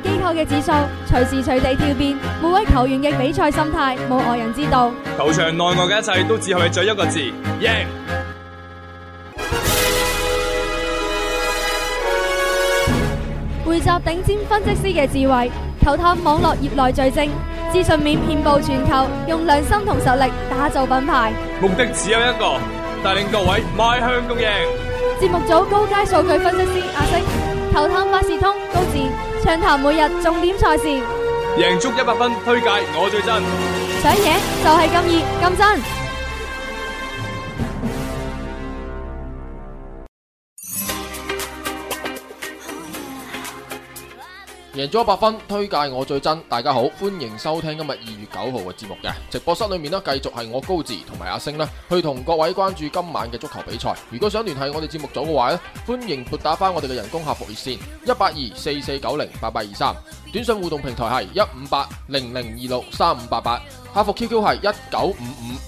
機構嘅指數隨時隨地跳變，每位球員嘅比賽心態冇外人知道。球場內外嘅一切都只係在一個字：贏。匯集頂尖分析師嘅智慧，球探網絡業內最精，資訊面遍布全球，用良心同實力打造品牌。目的只有一個，帶領各位邁向共贏。節目組高階數據分析師阿星，球探萬事通高智。暢談每日重點賽事，贏足一百分，推介我最真，想贏就係咁熱咁真。贏咗百分，推介我最真。大家好，歡迎收聽今日二月九號嘅節目嘅直播室裏面呢，繼續係我高志同埋阿星咧，去同各位關注今晚嘅足球比賽。如果想聯繫我哋節目組嘅話咧，歡迎撥打翻我哋嘅人工客服熱線一八二四四九零八八二三，23, 短信互動平台係一五八零零二六三五八八，客服 QQ 係一九五五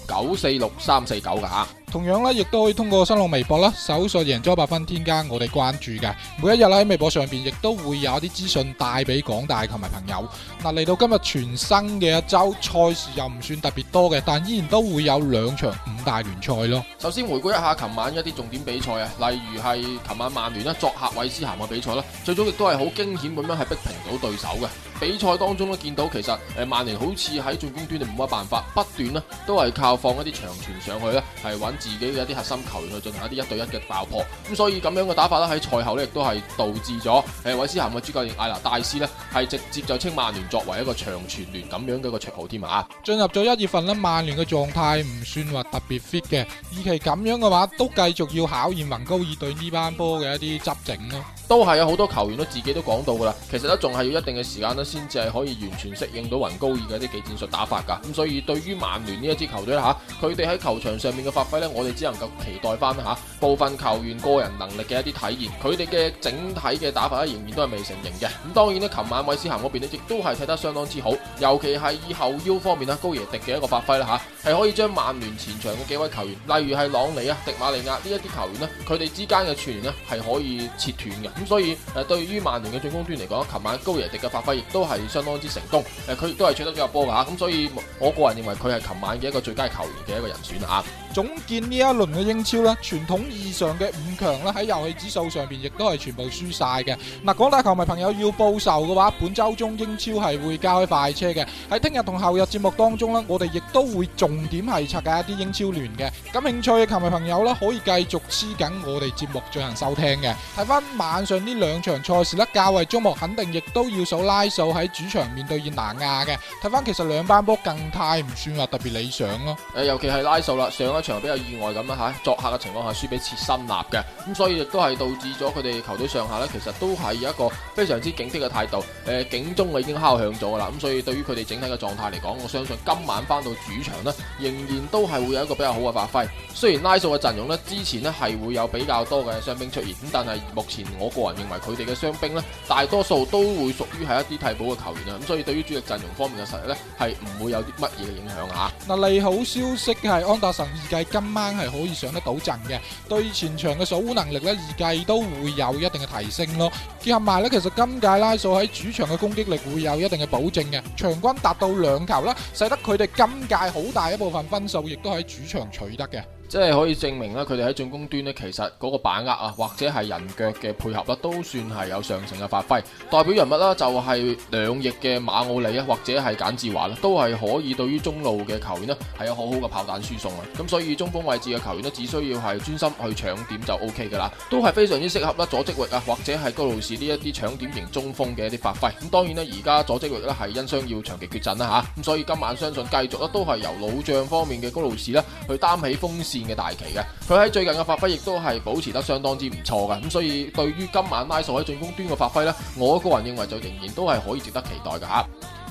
九四六三四九噶。同樣咧，亦都可以通過新浪微博啦，搜索「贏足百分添加」，我哋關注嘅每一日咧，喺微博上邊，亦都會有啲資訊帶俾廣大球迷朋友。嗱、啊，嚟到今日全新嘅一周，賽事又唔算特別多嘅，但依然都會有兩場五大聯賽咯。首先回顧一下琴晚一啲重點比賽啊，例如係琴晚曼聯咧作客韋斯咸嘅比賽啦，最終亦都係好驚險咁樣係逼平到對手嘅比賽當中，都見到其實誒曼聯好似喺進攻端就冇乜辦法，不斷咧都係靠放一啲長傳上去咧係揾。自己嘅一啲核心球員去進行一啲一對一嘅爆破，咁所以咁樣嘅打法咧喺賽後咧亦都係導致咗，誒、欸、韋斯咸嘅主教練艾拿大師咧係直接就稱曼聯作為一個長傳聯咁樣嘅一個綽號添啊！進入咗一月份咧，曼聯嘅狀態唔算話特別 fit 嘅，以其咁樣嘅話都繼續要考驗雲高爾對呢班波嘅一啲執整咯。都係有好多球員都自己都講到噶啦，其實咧仲係要一定嘅時間咧，先至係可以完全適應到雲高爾嘅啲技戰術打法噶，咁所以對於曼聯呢一支球隊嚇佢哋喺球場上面嘅發揮咧，我哋只能夠期待翻啦部分球員個人能力嘅一啲體現，佢哋嘅整體嘅打法咧仍然都係未成型嘅。咁當然呢琴晚韋斯咸嗰邊咧亦都係睇得相當之好，尤其係以後腰方面呢，高耶迪嘅一個發揮啦吓係可以將曼聯前場嘅幾位球員，例如係朗尼啊、迪馬利亞呢一啲球員呢，佢哋之間嘅串聯呢係可以切斷嘅。咁所以誒，對於曼聯嘅進攻端嚟講，琴晚高耶迪嘅發揮亦都係相當之成功。誒，佢亦都係取得咗入波嚇。咁所以，我個人認為佢係琴晚嘅一個最佳球員嘅一個人選啊。總結呢一輪嘅英超咧，傳統以上嘅五強啦，喺遊戲指數上邊亦都係全部輸晒嘅。嗱，廣大球迷朋友要報仇嘅話，本周中英超係會交開快車嘅。喺聽日同後日節目當中呢，我哋亦都會重點係拆解一啲英超聯嘅。感興趣嘅球迷朋友呢，可以繼續黐緊我哋節目進行收聽嘅。睇翻，晚上呢兩場賽事呢較為周末肯定亦都要數拉素喺主場面對熱拿亞嘅。睇翻其實兩班波更太唔算話特別理想咯。誒、呃，尤其係拉素啦，上一場比較意外咁啊吓，作客嘅情況下輸俾。切森納嘅，咁所以亦都係導致咗佢哋球隊上下呢，其實都係有一個非常之警惕嘅態度。誒、呃，警鐘我已經敲響咗噶啦，咁所以對於佢哋整體嘅狀態嚟講，我相信今晚翻到主場呢，仍然都係會有一個比較好嘅發揮。雖然拉素嘅陣容呢，之前呢係會有比較多嘅傷兵出現，咁但係目前我個人認為佢哋嘅傷兵呢，大多數都會屬於係一啲替補嘅球員啊，咁所以對於主力陣容方面嘅實力呢，係唔會有啲乜嘢嘅影響吓。嗱，利好消息係安達臣預計今晚係可以上得到陣嘅。對前場嘅守能力咧，預計都會有一定嘅提升咯。結合埋咧，其實今屆拉素喺主場嘅攻擊力會有一定嘅保證嘅，場均達到兩球啦，使得佢哋今屆好大一部分分數亦都喺主場取得嘅。即係可以證明啦，佢哋喺進攻端咧，其實嗰個把握啊，或者係人腳嘅配合啦，都算係有上乘嘅發揮。代表人物啦，就係兩翼嘅馬奧里啊，或者係簡志華啦，都係可以對於中路嘅球員呢，係有好好嘅炮彈輸送啊。咁所以中鋒位置嘅球員呢，只需要係專心去搶點就 O K 噶啦，都係非常之適合啦。左積域啊，或者係高路士呢一啲搶點型中鋒嘅一啲發揮。咁當然啦，而家左積域咧係因傷要長期缺陣啦吓，咁所以今晚相信繼續咧都係由老將方面嘅高路士呢，去擔起風扇。嘅大旗嘅，佢喺最近嘅發揮亦都係保持得相當之唔錯嘅，咁所以對於今晚拉索喺進攻端嘅發揮咧，我個人認為就仍然都係可以值得期待嘅吓。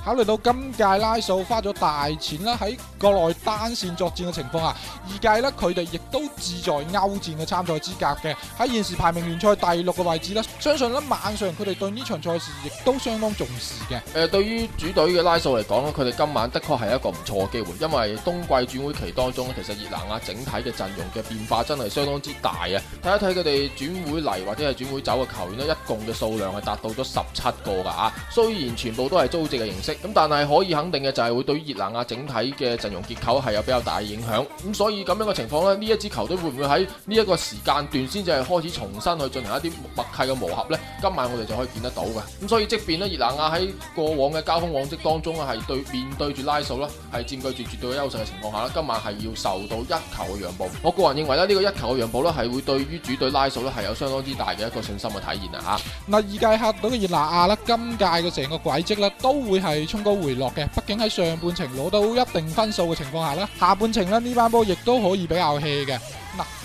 考慮到今屆拉素花咗大錢啦，喺國內單線作戰嘅情況下，二屆呢，佢哋亦都志在歐戰嘅參賽資格嘅，喺現時排名聯賽第六嘅位置呢，相信呢晚上佢哋對呢場賽事亦都相當重視嘅。誒、呃，對於主隊嘅拉素嚟講咧，佢哋今晚的確係一個唔錯嘅機會，因為冬季轉會期當中，其實熱那亞整體嘅陣容嘅變化真係相當之大啊！睇一睇佢哋轉會嚟或者係轉會走嘅球員呢，一共嘅數量係達到咗十七個㗎啊！雖然全部都係租借嘅形式。咁但係可以肯定嘅就係會對於熱那亞整體嘅陣容結構係有比較大嘅影響，咁所以咁樣嘅情況呢，呢一支球隊會唔會喺呢一個時間段先至係開始重新去進行一啲默契嘅磨合呢？今晚我哋就可以見得到嘅，咁所以即便呢熱那亞喺過往嘅交鋒往績當中呢係對面對住拉素啦，係佔據住絕對優勢嘅情況下呢，今晚係要受到一球嘅讓步。我個人認為呢，呢個一球嘅讓步呢，係會對於主隊拉素呢係有相當之大嘅一個信心嘅體現啊吓。嗱，二屆客隊嘅熱那亞啦，今屆嘅成個軌跡呢都會係。沖高回落嘅，畢竟喺上半程攞到一定分數嘅情況下咧，下半程咧呢班波亦都可以比較 hea 嘅。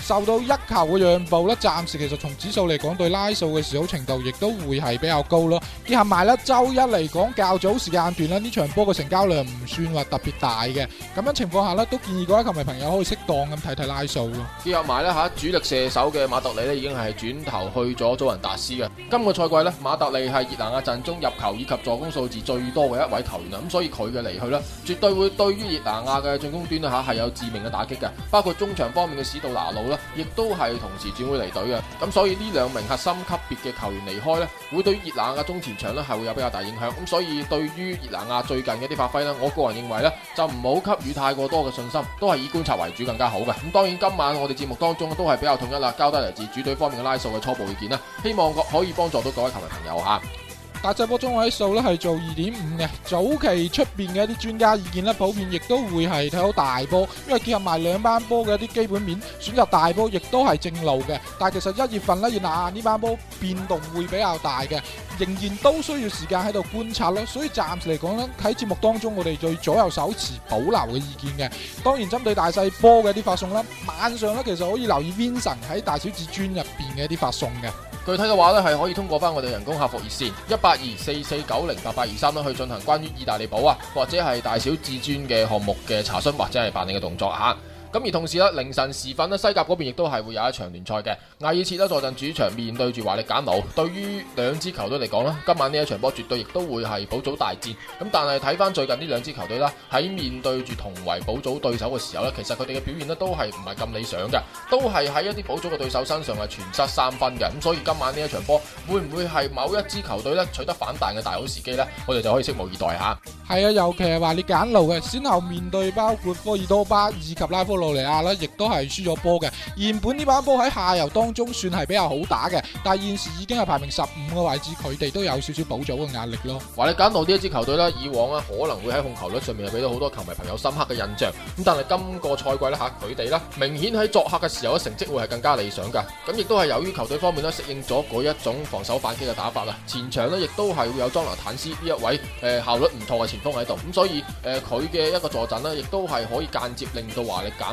受到一球嘅讓步咧，暫時其實從指數嚟講對拉數嘅市好程度亦都會係比較高咯。結合埋呢，周一嚟講較早時間段咧，呢場波嘅成交量唔算話特別大嘅，咁樣的情況下呢，都建議各位球迷朋友可以適當咁睇睇拉數嘅。結合埋呢，吓，主力射手嘅馬特里咧已經係轉頭去咗祖雲達斯嘅。今個賽季呢，馬特里係熱那亞陣中入球以及助攻數字最多嘅一位球員啊，咁所以佢嘅離去呢，絕對會對於熱那亞嘅進攻端咧吓係有致命嘅打擊嘅，包括中場方面嘅史杜牙佬啦，亦都係同時轉會離隊嘅，咁所以呢兩名核心級別嘅球員離開呢，會對熱那亞中前場呢係會有比較大影響，咁所以對於熱那亞最近嘅啲發揮呢，我個人認為呢就唔好給予太過多嘅信心，都係以觀察為主更加好嘅。咁當然今晚我哋節目當中都係比較統一啦，交低嚟自主隊方面嘅拉數嘅初步意見啦，希望可可以幫助到各位球迷朋友吓。大細波中位數咧係做二點五嘅，早期出邊嘅一啲專家意見咧，普遍亦都會係睇到大波，因為結合埋兩班波嘅一啲基本面，選擇大波亦都係正路嘅。但係其實一月份咧原來呢班波變動會比較大嘅，仍然都需要時間喺度觀察咯。所以暫時嚟講咧，喺節目當中我哋最左右手持保留嘅意見嘅。當然針對大細波嘅一啲發送咧，晚上咧其實可以留意 Vincent 喺大小至尊入邊嘅一啲發送嘅。具體嘅話呢，係可以通過返我哋人工客服熱線一八二四四九零八八二三去進行關於意大利寶啊，或者係大小至尊嘅項目嘅查詢或者係辦理嘅動作。咁而同時咧，凌晨時分呢，西甲嗰邊亦都係會有一場聯賽嘅。艾爾切呢，坐陣主場面對住華力簡奴。對於兩支球隊嚟講咧，今晚呢一場波絕對亦都會係保組大戰。咁但係睇翻最近呢兩支球隊啦，喺面對住同為保組對手嘅時候呢，其實佢哋嘅表現呢都係唔係咁理想嘅，都係喺一啲保組嘅對手身上係全失三分嘅。咁所以今晚呢一場波會唔會係某一支球隊呢取得反彈嘅大好時機呢？我哋就可以拭目以待下。係啊，尤其係華力簡奴嘅先後面對包括科爾多巴以及拉科。路尼亞啦，亦都係輸咗波嘅。原本呢班波喺下游當中算係比較好打嘅，但係現時已經係排名十五嘅位置，佢哋都有少少保組嘅壓力咯。華力簡諾呢一支球隊呢，以往咧可能會喺控球率上面係俾到好多球迷朋友深刻嘅印象。咁但係今個賽季呢，吓，佢哋呢明顯喺作客嘅時候嘅成績會係更加理想噶。咁亦都係由於球隊方面呢適應咗嗰一種防守反擊嘅打法啊，前場呢亦都係會有莊蘭坦斯呢一位誒效率唔錯嘅前鋒喺度。咁所以誒佢嘅一個助陣呢，亦都係可以間接令到華力簡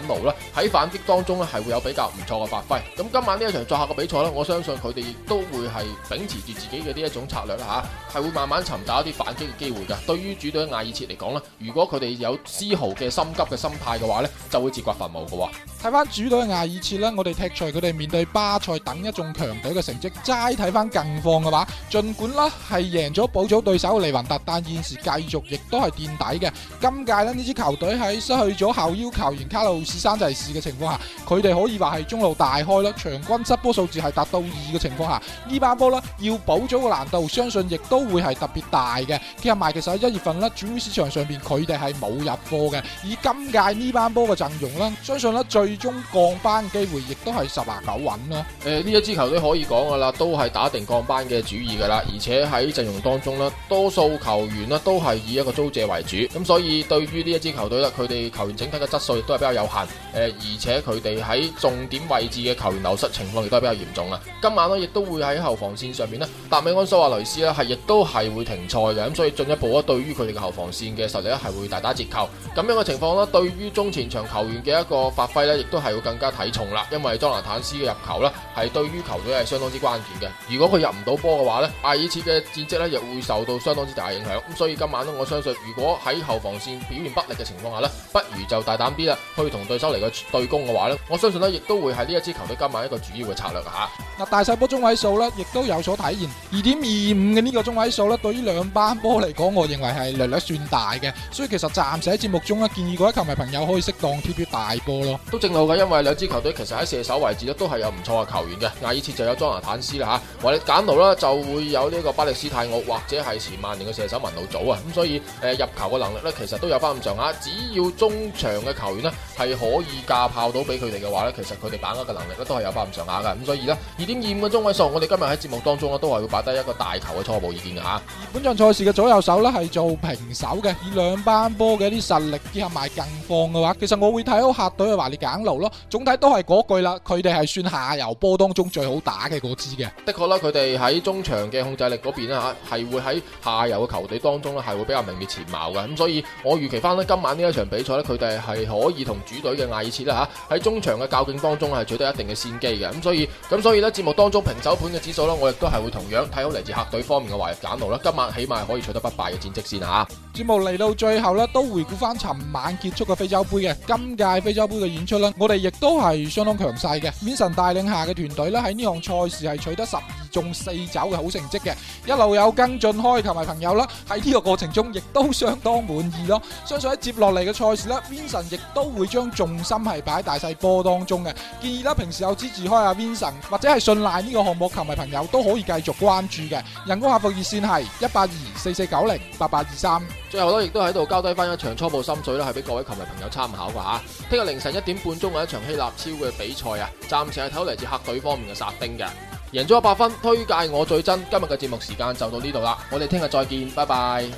喺反擊當中咧係會有比較唔錯嘅發揮。咁今晚呢一場作客嘅比賽呢，我相信佢哋都會係秉持住自己嘅呢一種策略啦，吓、啊、係會慢慢尋找一啲反擊嘅機會噶。對於主隊艾爾切嚟講呢，如果佢哋有絲毫嘅心急嘅心態嘅話呢，就會自掘墳墓嘅。睇翻主隊艾爾切呢，我哋踢賽佢哋面對巴塞等一眾強隊嘅成績，齋睇翻近況嘅話，盡管啦係贏咗補組對手利雲特，但現時繼續亦都係墊底嘅。今屆呢，呢支球隊係失去咗後腰球員卡路。四就是山就係市嘅情況下，佢哋可以話係中路大開咯，場均失波數字係達到二嘅情況下，這班呢班波啦要補咗個難度，相信亦都會係特別大嘅。結合埋其實喺一月份呢，轉會市場上邊佢哋係冇入貨嘅，以今屆呢班波嘅陣容咧，相信呢最終降班機會亦都係十拿九穩咯。誒、呃，呢一支球隊可以講噶啦，都係打定降班嘅主意噶啦，而且喺陣容當中呢，多數球員呢都係以一個租借為主，咁所以對於呢一支球隊咧，佢哋球員整體嘅質素亦都係比較有限。而且佢哋喺重點位置嘅球員流失情況亦都係比較嚴重啦。今晚呢，亦都會喺後防線上面呢，達美安蘇亞雷斯呢，係亦都係會停賽嘅，咁所以進一步咧，對於佢哋嘅後防線嘅實力咧係會大打折扣。咁樣嘅情況呢，對於中前場球員嘅一個發揮呢，亦都係會更加睇重啦。因為莊蘭坦斯嘅入球呢，係對於球隊係相當之關鍵嘅。如果佢入唔到波嘅話呢，阿爾切嘅戰績呢，亦會受到相當之大嘅影響。咁所以今晚呢，我相信如果喺後防線表現不力嘅情況下呢，不如就大膽啲啦，去同對手嚟嘅對攻嘅話呢，我相信呢亦都會係呢一支球隊今晚一個主要嘅策略吓，嗱，大細波中位數呢亦都有所體現，二點二五嘅呢個中位數呢，對於兩班波嚟講，我認為係略略算大嘅，所以其實暫時喺節目中呢，建議各位球迷朋友可以適當貼啲大波咯。都正路嘅，因為兩支球隊其實喺射手位置呢都係有唔錯嘅球員嘅，亞爾切就有莊拿坦斯啦吓，或者簡奴啦就會有呢個巴利斯泰奧或者係前曼聯嘅射手文奴祖啊，咁所以誒，入球嘅能力呢，其實都有翻咁上下，只要中場嘅球員呢。係。可以架炮到俾佢哋嘅話呢，其實佢哋把握嘅能力咧都係有百唔上下嘅。咁所以呢，二點二五嘅中位數，我哋今日喺節目當中咧都係會擺低一個大球嘅初步意見嘅吓。本場賽事嘅左右手呢係做平手嘅，以兩班波嘅啲實力結合埋近況嘅話，其實我會睇好客隊係話你揀路咯。總體都係嗰句啦，佢哋係算下游波當中最好打嘅嗰支嘅。的確啦，佢哋喺中場嘅控制力嗰邊呢，吓，係會喺下游嘅球隊當中呢係會比較名列前茅嘅。咁所以，我預期翻呢，今晚呢一場比賽呢，佢哋係可以同主隊嘅艾切啦吓，喺中場嘅較勁當中係取得一定嘅先機嘅，咁所以咁所以咧，節目當中平手盤嘅指數咧，我亦都係會同樣睇好嚟自客隊方面嘅懷簡路啦，今晚起碼可以取得不敗嘅戰績先吓。節目嚟到最後咧，都回顧翻尋晚結束嘅非洲杯嘅今屆非洲杯嘅演出啦。我哋亦都係相當強勢嘅。Vincent 帶領下嘅團隊咧，喺呢項賽事係取得十二中四走嘅好成績嘅。一路有跟進開球迷朋友啦，喺呢個過程中亦都相當滿意咯。相信喺接落嚟嘅賽事咧，Vincent 亦都會將重心係擺喺大細波當中嘅。建議啦，平時有支持開阿 Vincent 或者係信賴呢個項目球迷朋友都可以繼續關注嘅。人工客服熱線係一八二四四九零八八二三。最後咧，亦都喺度交低翻一場初步心水咧，係俾各位球迷朋友參考㗎吓。聽日凌晨一點半鐘嘅一場希臘超嘅比賽啊，暫時係睇嚟自客隊方面嘅殺丁嘅，贏咗八分。推介我最真，今日嘅節目時間就到呢度啦，我哋聽日再見，拜拜。